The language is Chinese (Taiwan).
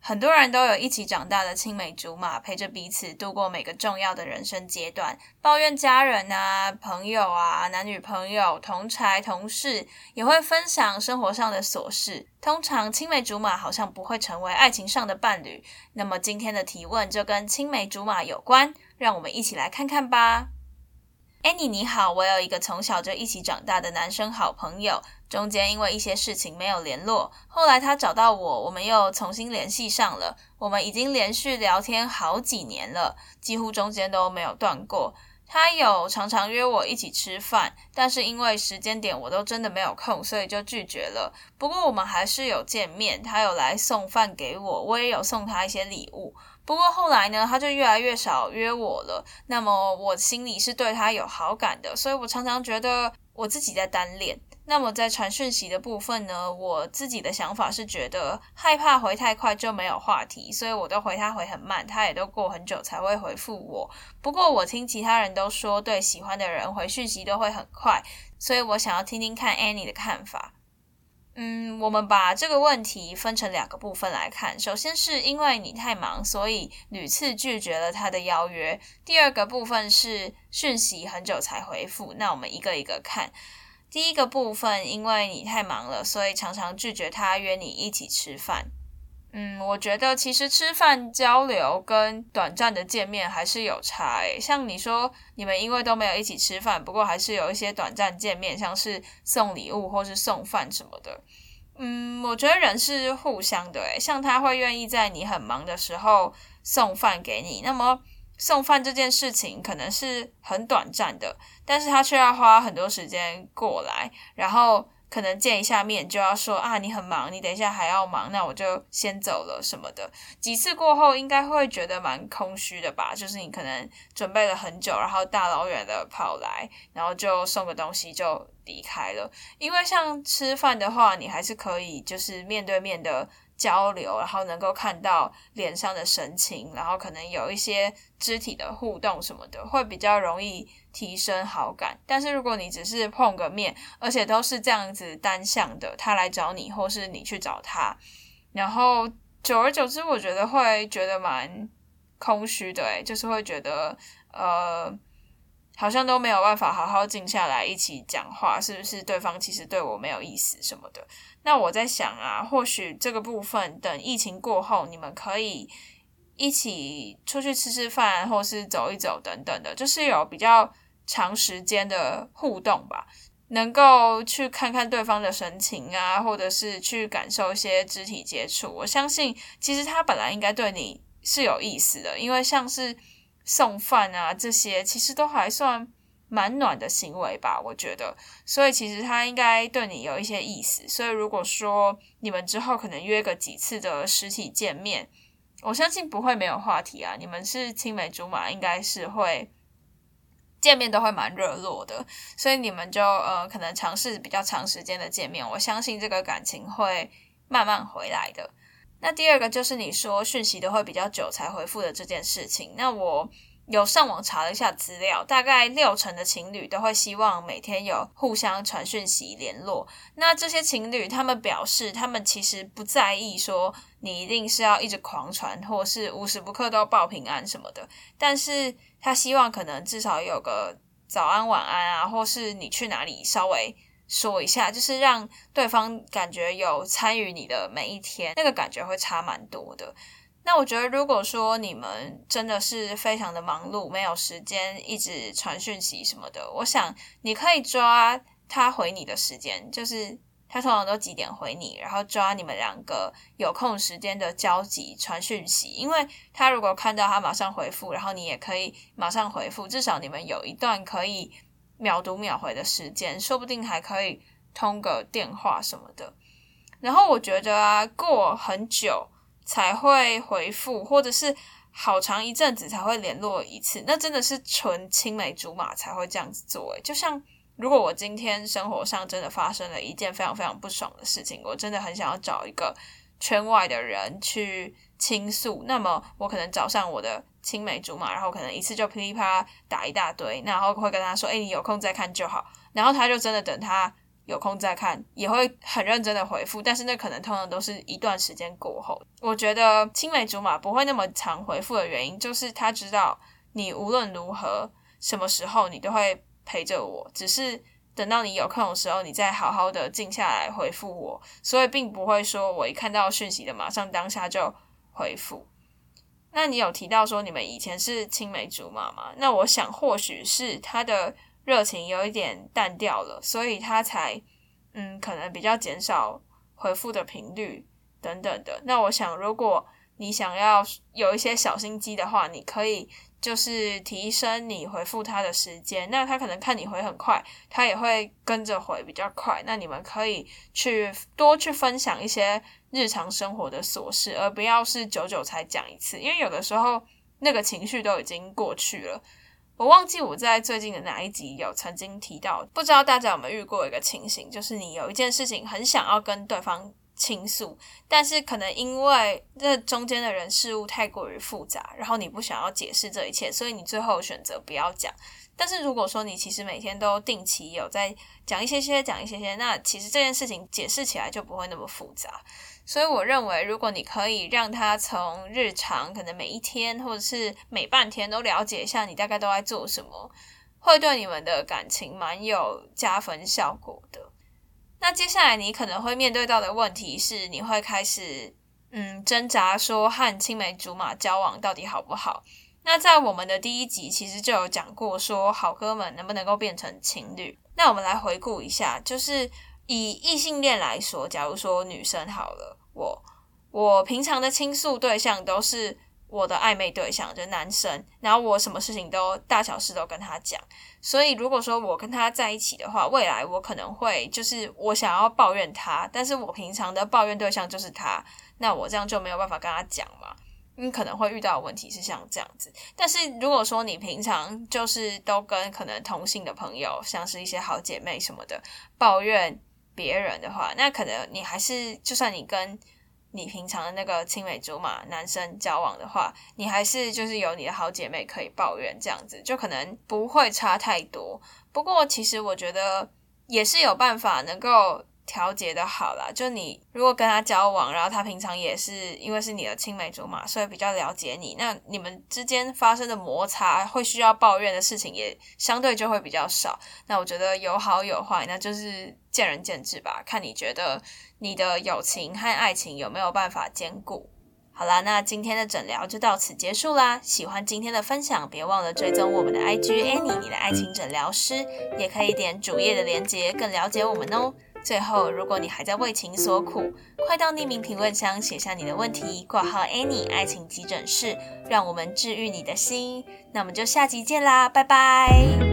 很多人都有一起長大的青梅竹馬，陪着彼此度過每個重要的人生階段，抱怨家人啊、朋友啊、男女朋友、同儕、同事，也會分享生活上的瑣事。通常青梅竹馬好像不會成為愛情上的伴侶。那麼今天的提問就跟青梅竹馬有關，讓我們一起來看看吧。Annie 你好，我有一個從小就一起長大的男生好朋友，中間因為一些事情沒有聯絡，後來他找到我，我們又重新聯繫上了。我們已經連續聊天好幾年了，幾乎中間都沒有斷過。他有常常約我一起吃飯，但是因為時間點我都真的沒有空，所以就拒絕了。不過我們還是有見面，他有來送飯給我，我也有送他一些禮物。不過後來呢，他就越來越少約我了。那麼我心裡是對他有好感的，所以我常常覺得我自己在單戀。那麼在傳訊息的部分呢，我自己的想法是覺得害怕回太快就沒有話題，所以我都回他回很慢，他也都過很久才會回復我。不過我聽其他人都說，對喜歡的人回訊息都會很快，所以我想要聽聽看 Annie 的看法。嗯，我們把這個問題分成兩個部分來看。首先是因為你太忙，所以屢次拒絕了他的邀約。第二個部分是訊息很久才回復。那我們一個一個看。第一個部分，因為你太忙了，所以常常拒絕他約你一起吃飯。嗯，我覺得其實吃飯交流，跟短暫的見面還是有差誒。像你說你們因為都沒有一起吃飯，不過還是有一些短暫見面，像是送禮物或是送飯什麼的。嗯，我覺得人是互相的誒，像他會願意在你很忙的時候送飯給你，那麼送飯這件事情可能是很短暫的，但是他卻要花很多時間過來，然後。可能見一下面就要說啊，你很忙，你等一下還要忙，那我就先走了什麼的。幾次過後，應該會覺得蠻空虛的吧？就是你可能準備了很久，然後大老遠的跑來，然後就送個東西就離開了。因為像吃飯的話，你還是可以就是面對面的。交流，然後能夠看到臉上的神情，然後可能有一些肢體的互動什麼的，會比較容易提升好感。但是如果你只是碰個面，而且都是這樣子單向的，他來找你，或是你去找他，然後久而久之，我覺得會覺得蠻空虛的，哎，就是會覺得呃。好像都沒有辦法好好靜下來一起講話，是不是對方其實對我沒有意思什麼的？那我在想啊，或許這個部分等疫情過後，你們可以一起出去吃吃飯，或是走一走等等的，就是有比較長時間的互動吧，能夠去看看對方的神情啊，或者是去感受一些肢體接觸。我相信，其實他本來應該對你是有意思的，因為像是。送飯啊，這些其實都還算蠻暖的行為吧，我覺得。所以其實他應該對你有一些意思。所以如果說你們之後可能約個幾次的實體見面，我相信不會沒有話題啊。你們是青梅竹馬，應該是會見面都會蠻熱絡的。所以你們就呃可能嘗試比較長時間的見面，我相信這個感情會慢慢回來的。那第二個就是你說訊息都會比較久才回復的這件事情。那我有上網查了一下資料，大概六成的情侶都會希望每天有互相傳訊息聯絡。那這些情侶他們表示，他們其實不在意說你一定是要一直狂傳，或是無時不刻都報平安什麼的。但是他希望可能至少有個早安晚安啊，或是你去哪裡，稍微。說一下，就是讓對方感覺有參與你的每一天，那個感覺會差蠻多的。那我覺得，如果說你們真的是非常的忙碌，沒有時間一直傳訊息什麼的，我想你可以抓他回你的時間，就是他通常都幾點回你，然後抓你們兩個有空時間的交集傳訊息，因為他如果看到他馬上回覆，然後你也可以馬上回覆，至少你們有一段可以。秒讀秒回的時間，說不定還可以通個電話什麼的。然後我覺得啊，過很久才會回復，或者是好長一陣子才會聯絡一次，那真的是純青梅竹馬才會這樣子做。就像如果我今天生活上真的發生了一件非常非常不爽的事情，我真的很想要找一個。圈外的人去傾訴，那麼我可能找上我的青梅竹馬，然後可能一次就噼里啪啦打一大堆，那然後會跟他說：“哎、欸，你有空再看就好。”然後他就真的等他有空再看，也會很認真的回復。但是那可能通常都是一段時間過後。我覺得青梅竹馬不會那麼常回復的原因，就是他知道你無論如何什麼時候你都會陪着我，只是。等到你有空的時候，你再好好的靜下來回復我。所以並不會說我一看到訊息的馬上當下就回復。那你有提到說你們以前是青梅竹馬嗎？那我想或許是他的熱情有一點淡掉了，所以他才嗯可能比較減少回復的頻率等等的。那我想如果。你想要有一些小心機的話，你可以就是提升你回復他的時間，那他可能看你回很快，他也會跟着回比較快。那你們可以去多去分享一些日常生活的瑣事，而不要是久久才講一次，因為有的時候那個情緒都已經過去了。我忘記我在最近的哪一集有曾經提到，不知道大家有沒有遇過一個情形，就是你有一件事情很想要跟對方傾訴，但是可能因為這中間的人事物太過於複雜，然後你不想要解釋這一切，所以你最後選擇不要講。但是如果說你其實每天都定期有在講一些些，講一些些，那其實這件事情解釋起來就不會那麼複雜。所以我認為，如果你可以讓他從日常，可能每一天或者是每半天都了解一下你大概都在做什麼，會對你們的感情蠻有加分效果的。那接下來你可能會面對到的問題是，你會開始嗯掙扎，說和青梅竹馬交往到底好不好？那在我們的第一集其實就有講過，說好哥們能不能夠變成情侶？那我們來回顧一下，就是以異性戀來說，假如說女生好了，我我平常的傾訴對象都是。我的曖昧對象就是、男生，然後我什麼事情都大小事都跟他講，所以如果說我跟他在一起的話，未來我可能會就是我想要抱怨他，但是我平常的抱怨對象就是他，那我這樣就沒有辦法跟他講嘛，你、嗯、可能會遇到的問題是像這樣子。但是如果說你平常就是都跟可能同性的朋友，像是一些好姐妹什麼的抱怨別人的話，那可能你還是就算你跟。你平常的那個青梅竹馬男生交往的話，你還是就是有你的好姐妹可以抱怨這樣子，就可能不會差太多。不過其實我覺得也是有辦法能夠。調節的好啦，就你如果跟他交往，然後他平常也是因為是你的青梅竹馬，所以比較了解你。那你們之間發生的摩擦，會需要抱怨的事情也相對就會比較少。那我覺得有好有壞，那就是見仁見智吧，看你覺得你的友情和愛情有沒有辦法兼顧。好啦，那今天的診療就到此結束啦。喜歡今天的分享，別忘了追蹤我們的 IG Annie，你的愛情診療師，嗯、也可以點主頁的連結，更了解我們哦、喔。最後，如果你還在為情所苦，快到匿名評論箱寫下你的問題，掛號 Annie 愛情急診室，讓我們治癒你的心。那我們就下集見啦，拜拜。